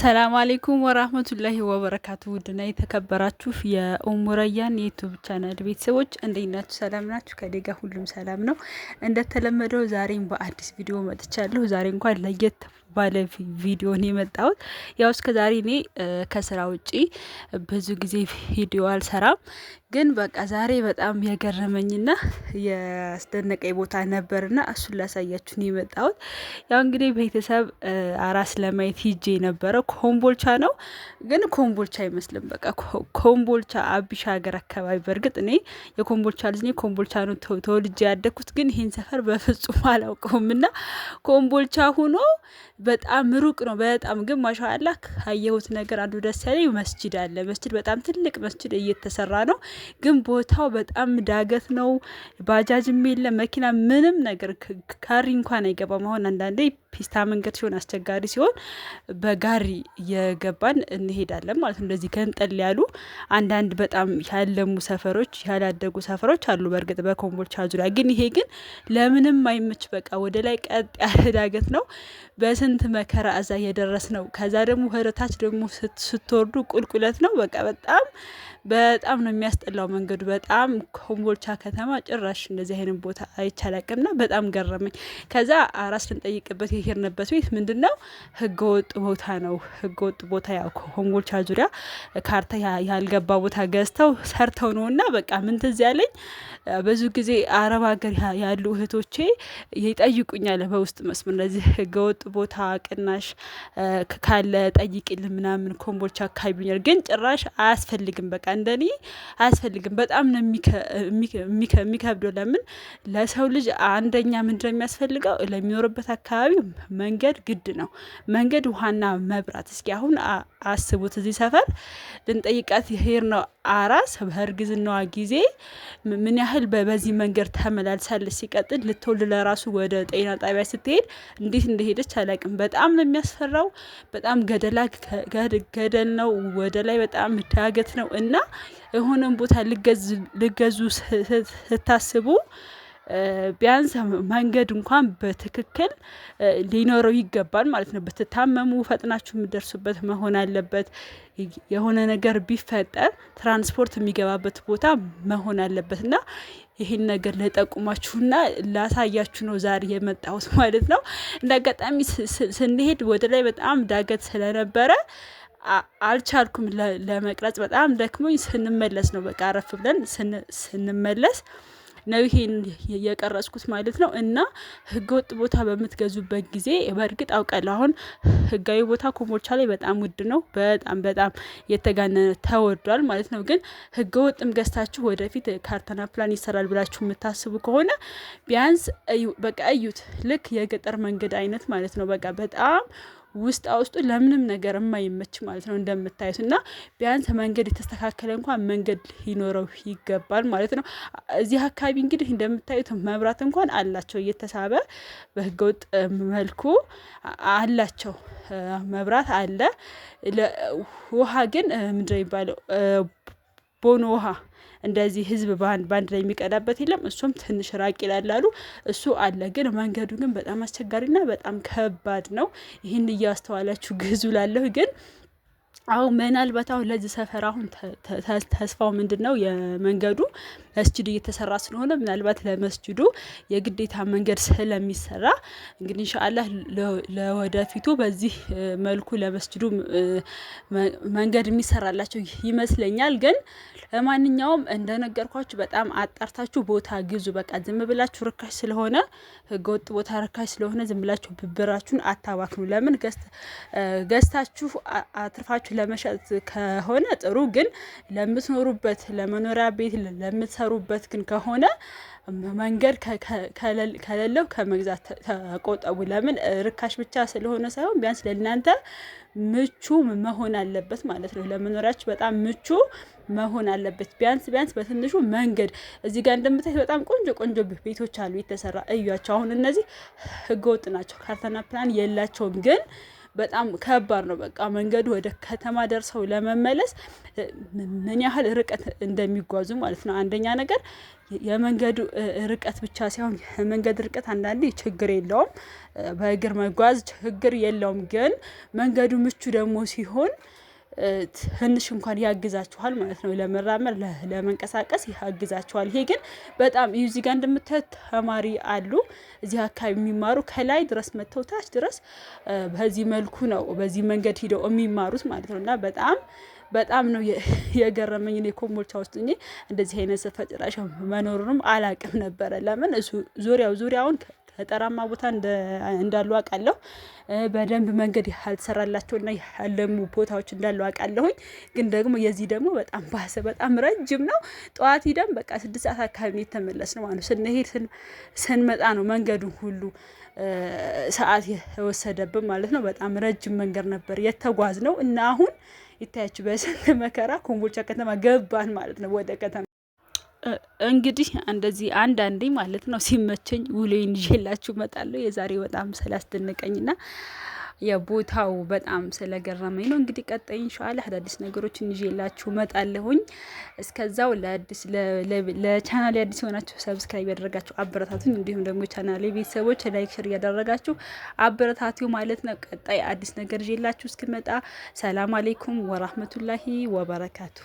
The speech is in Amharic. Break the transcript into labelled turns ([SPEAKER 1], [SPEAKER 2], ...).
[SPEAKER 1] ሰላም አሌይኩም ወራህመቱላሂ ወበረካቱ። ውድና የተከበራችሁ የኡሙረያን የዩቱብ ቻናል ቤተሰቦች እንዴት ናችሁ? ሰላም ናችሁ? ከዴጋ ሁሉም ሰላም ነው። እንደተለመደው ዛሬም በአዲስ ቪዲዮ መጥቻለሁ። ዛሬ እንኳን ለየት ባለ ቪዲዮን የመጣሁት። ያው እስከ ዛሬ እኔ ከስራ ውጪ ብዙ ጊዜ ቪዲዮ አልሰራም፣ ግን በቃ ዛሬ በጣም የገረመኝና ያስደነቀኝ ቦታ ነበርና እሱን ላሳያችሁ ነው የመጣሁት። ያው እንግዲህ ቤተሰብ አራስ ለማየት ሂጄ የነበረ ኮምቦልቻ ነው፣ ግን ኮምቦልቻ አይመስልም። በቃ ኮምቦልቻ አቢሻ ሀገር አካባቢ በእርግጥ እኔ የኮምቦልቻ ልጅ ኮምቦልቻ ነው ተወልጄ ያደግኩት፣ ግን ይህን ሰፈር በፍጹም አላውቀውም እና ኮምቦልቻ ሁኖ በጣም ሩቅ ነው። በጣም ግን ማሻአላ ካየሁት ነገር አንዱ ደስ ያለኝ መስጅድ አለ። መስጅድ በጣም ትልቅ መስጅድ እየተሰራ ነው። ግን ቦታው በጣም ዳገት ነው። ባጃጅም የለም፣ መኪና ምንም ነገር ካሪ እንኳን አይገባም። አሁን አንዳንዴ ፒስታ መንገድ ሲሆን አስቸጋሪ ሲሆን በጋሪ እየገባን እንሄዳለን ማለት ነው። እንደዚህ ከንጠል ያሉ አንዳንድ በጣም ያለሙ ሰፈሮች ያላደጉ ሰፈሮች አሉ በእርግጥ በኮምቦልቻ ዙሪያ። ግን ይሄ ግን ለምንም አይመች። በቃ ወደ ላይ ቀጥ ያለ ዳገት ነው በስንት ስንት መከራ እዛ እየደረስ ነው። ከዛ ደግሞ ወደታች ደግሞ ስትወርዱ ቁልቁለት ነው። በቃ በጣም በጣም ነው የሚያስጠላው መንገዱ። በጣም ኮምቦልቻ ከተማ ጭራሽ እንደዚህ አይነት ቦታ አይቻላቅም ና በጣም ገረመኝ። ከዛ አራስ ልንጠይቅበት የሄድንበት ቤት ምንድን ነው ህገወጥ ቦታ ነው። ህገወጥ ቦታ ያው ኮምቦልቻ ዙሪያ ካርታ ያልገባ ቦታ ገዝተው ሰርተው ነው እና በቃ ምን ትዝ ያለኝ ብዙ ጊዜ አረብ ሀገር ያሉ እህቶቼ ይጠይቁኛል በውስጥ መስመር እንደዚህ ህገወጥ ቦታ ቅናሽ ካለ ጠይቅልን ምናምን ኮምቦልቻ አካባቢኛል ግን ጭራሽ አያስፈልግም፣ በቃ እንደኔ አያስፈልግም። በጣም ነው የሚከብደው። ለምን ለሰው ልጅ አንደኛ ምንድነው የሚያስፈልገው? ለሚኖርበት አካባቢ መንገድ ግድ ነው። መንገድ፣ ውሃና መብራት። እስኪ አሁን አስቡት፣ እዚህ ሰፈር ልንጠይቃት ሄር ነው አራስ በእርግዝናዋ ጊዜ ምን ያህል በዚህ መንገድ ተመላልሳለች። ሲቀጥል ልትወልድ ለራሱ ወደ ጤና ጣቢያ ስትሄድ እንዴት እንደሄደች አላውቅም። በጣም ነው የሚያስፈራው። በጣም ገደላ ገደል ነው፣ ወደ ላይ በጣም ዳገት ነው እና የሆነን ቦታ ልገዙ ስታስቡ ቢያንስ መንገድ እንኳን በትክክል ሊኖረው ይገባል ማለት ነው። ብትታመሙ ፈጥናችሁ የምደርሱበት መሆን አለበት። የሆነ ነገር ቢፈጠር ትራንስፖርት የሚገባበት ቦታ መሆን አለበት እና ይህን ነገር ልጠቁማችሁና ላሳያችሁ ነው ዛሬ የመጣሁት ማለት ነው። እንደ አጋጣሚ ስንሄድ ወደ ላይ በጣም ዳገት ስለነበረ አልቻልኩም ለመቅረጽ በጣም ደክሞኝ ስንመለስ ነው በቃ አረፍ ብለን ስንመለስ ነው ይሄን የቀረጽኩት ማለት ነው። እና ህገወጥ ቦታ በምትገዙበት ጊዜ በእርግጥ አውቃለሁ አሁን ህጋዊ ቦታ ኮምቦልቻ ላይ በጣም ውድ ነው። በጣም በጣም የተጋነነ ተወዷል ማለት ነው። ግን ህገወጥም ገዝታችሁ ወደፊት ካርታና ፕላን ይሰራል ብላችሁ የምታስቡ ከሆነ ቢያንስ በቃ እዩት። ልክ የገጠር መንገድ አይነት ማለት ነው። በቃ በጣም ውስጥ አውስጡ ለምንም ነገር የማይመች ማለት ነው እንደምታዩት። እና ቢያንስ መንገድ የተስተካከለ እንኳን መንገድ ሊኖረው ይገባል ማለት ነው። እዚህ አካባቢ እንግዲህ እንደምታዩት መብራት እንኳን አላቸው እየተሳበ በህገወጥ መልኩ አላቸው መብራት አለ። ውሃ ግን ምንድን የሚባለው ቦኖ ውሃ እንደዚህ ህዝብ በአንድ ላይ የሚቀዳበት የለም። እሱም ትንሽ ራቅ ይላል አሉ። እሱ አለ፣ ግን መንገዱ ግን በጣም አስቸጋሪና በጣም ከባድ ነው። ይህን እያስተዋላችሁ ግዙ ላለሁ ግን አሁን ምናልባት አሁን ለዚህ ሰፈር አሁን ተስፋው ምንድን ነው? የመንገዱ መስጅዱ እየተሰራ ስለሆነ ምናልባት ለመስጅዱ የግዴታ መንገድ ስለሚሰራ እንግዲህ እንሻአላህ ለወደፊቱ በዚህ መልኩ ለመስጅዱ መንገድ የሚሰራላቸው ይመስለኛል። ግን ለማንኛውም እንደነገርኳችሁ በጣም አጣርታችሁ ቦታ ግዙ። በቃ ዝም ብላችሁ ርካሽ ስለሆነ ህገወጥ ቦታ ርካሽ ስለሆነ ዝም ብላችሁ ብብራችሁን አታባክኑ። ለምን ገዝታችሁ አትርፋችሁ ለመሸጥ ከሆነ ጥሩ፣ ግን ለምትኖሩበት ለመኖሪያ ቤት ለምትሰሩበት ግን ከሆነ መንገድ ከሌለው ከመግዛት ተቆጠቡ። ለምን ርካሽ ብቻ ስለሆነ ሳይሆን ቢያንስ ለእናንተ ምቹ መሆን አለበት ማለት ነው። ለመኖሪያች በጣም ምቹ መሆን አለበት። ቢያንስ ቢያንስ በትንሹ መንገድ እዚህ ጋር እንደምታዩት በጣም ቆንጆ ቆንጆ ቤቶች አሉ የተሰራ እያቸው። አሁን እነዚህ ህገወጥ ናቸው፣ ካርታና ፕላን የላቸውም ግን በጣም ከባድ ነው። በቃ መንገዱ ወደ ከተማ ደርሰው ለመመለስ ምን ያህል ርቀት እንደሚጓዙ ማለት ነው። አንደኛ ነገር የመንገዱ ርቀት ብቻ ሳይሆን የመንገድ ርቀት አንዳንዴ ችግር የለውም፣ በእግር መጓዝ ችግር የለውም። ግን መንገዱ ምቹ ደግሞ ሲሆን ትንሽ እንኳን ያግዛችኋል ማለት ነው። ለመራመር ለመንቀሳቀስ ያግዛችኋል። ይሄ ግን በጣም እዚህ ጋር እንደምታዩት ተማሪ አሉ እዚህ አካባቢ የሚማሩ ከላይ ድረስ መጥተው ታች ድረስ በዚህ መልኩ ነው በዚህ መንገድ ሂደው የሚማሩት ማለት ነው እና በጣም በጣም ነው የገረመኝ። እኔ ኮምቦልቻ ውስጥ እኔ እንደዚህ አይነት ሰፈር ጭራሽ መኖሩንም አላቅም ነበረ። ለምን እሱ ዙሪያው ዙሪያውን ጠራማ ቦታ እንዳሉ አውቃለሁ። በደንብ መንገድ እና ያለሙ ቦታዎች እንዳሉ አውቃለሁኝ። ግን ደግሞ የዚህ ደግሞ በጣም ባሰ፣ በጣም ረጅም ነው። ጠዋት ሂደን በቃ ስድስት ሰዓት አካባቢ የተመለስ ነው ማለት ነው። ስንሄድ ስንመጣ ነው መንገዱ ሁሉ ሰዓት የወሰደብን ማለት ነው። በጣም ረጅም መንገድ ነበር የተጓዝ ነው እና አሁን ይታያችሁ በስንት መከራ ኮምቦልቻ ከተማ ገባን ማለት ነው ወደ ከተማ እንግዲህ እንደዚህ አንዳንዴ ማለት ነው ሲመቸኝ ውሎዬን ይዤላችሁ እመጣለሁ። የዛሬ በጣም ስላስደነቀኝና የቦታው በጣም ስለገረመኝ ነው። እንግዲህ ቀጣይ ኢንሻአላህ አዳዲስ ነገሮችን ይዤላችሁ እመጣለሁኝ። እስከዛው ለቻናሌ አዲስ የሆናችሁ ሰብስክራይብ ያደረጋችሁ አበረታቱኝ። እንዲሁም ደግሞ ቻናሌ ቤተሰቦች ላይክ፣ ሼር እያደረጋችሁ አበረታቱ ማለት ነው። ቀጣይ አዲስ ነገር ይዤላችሁ እስክመጣ ሰላም አሌይኩም ወራህመቱላሂ ወበረካቱ።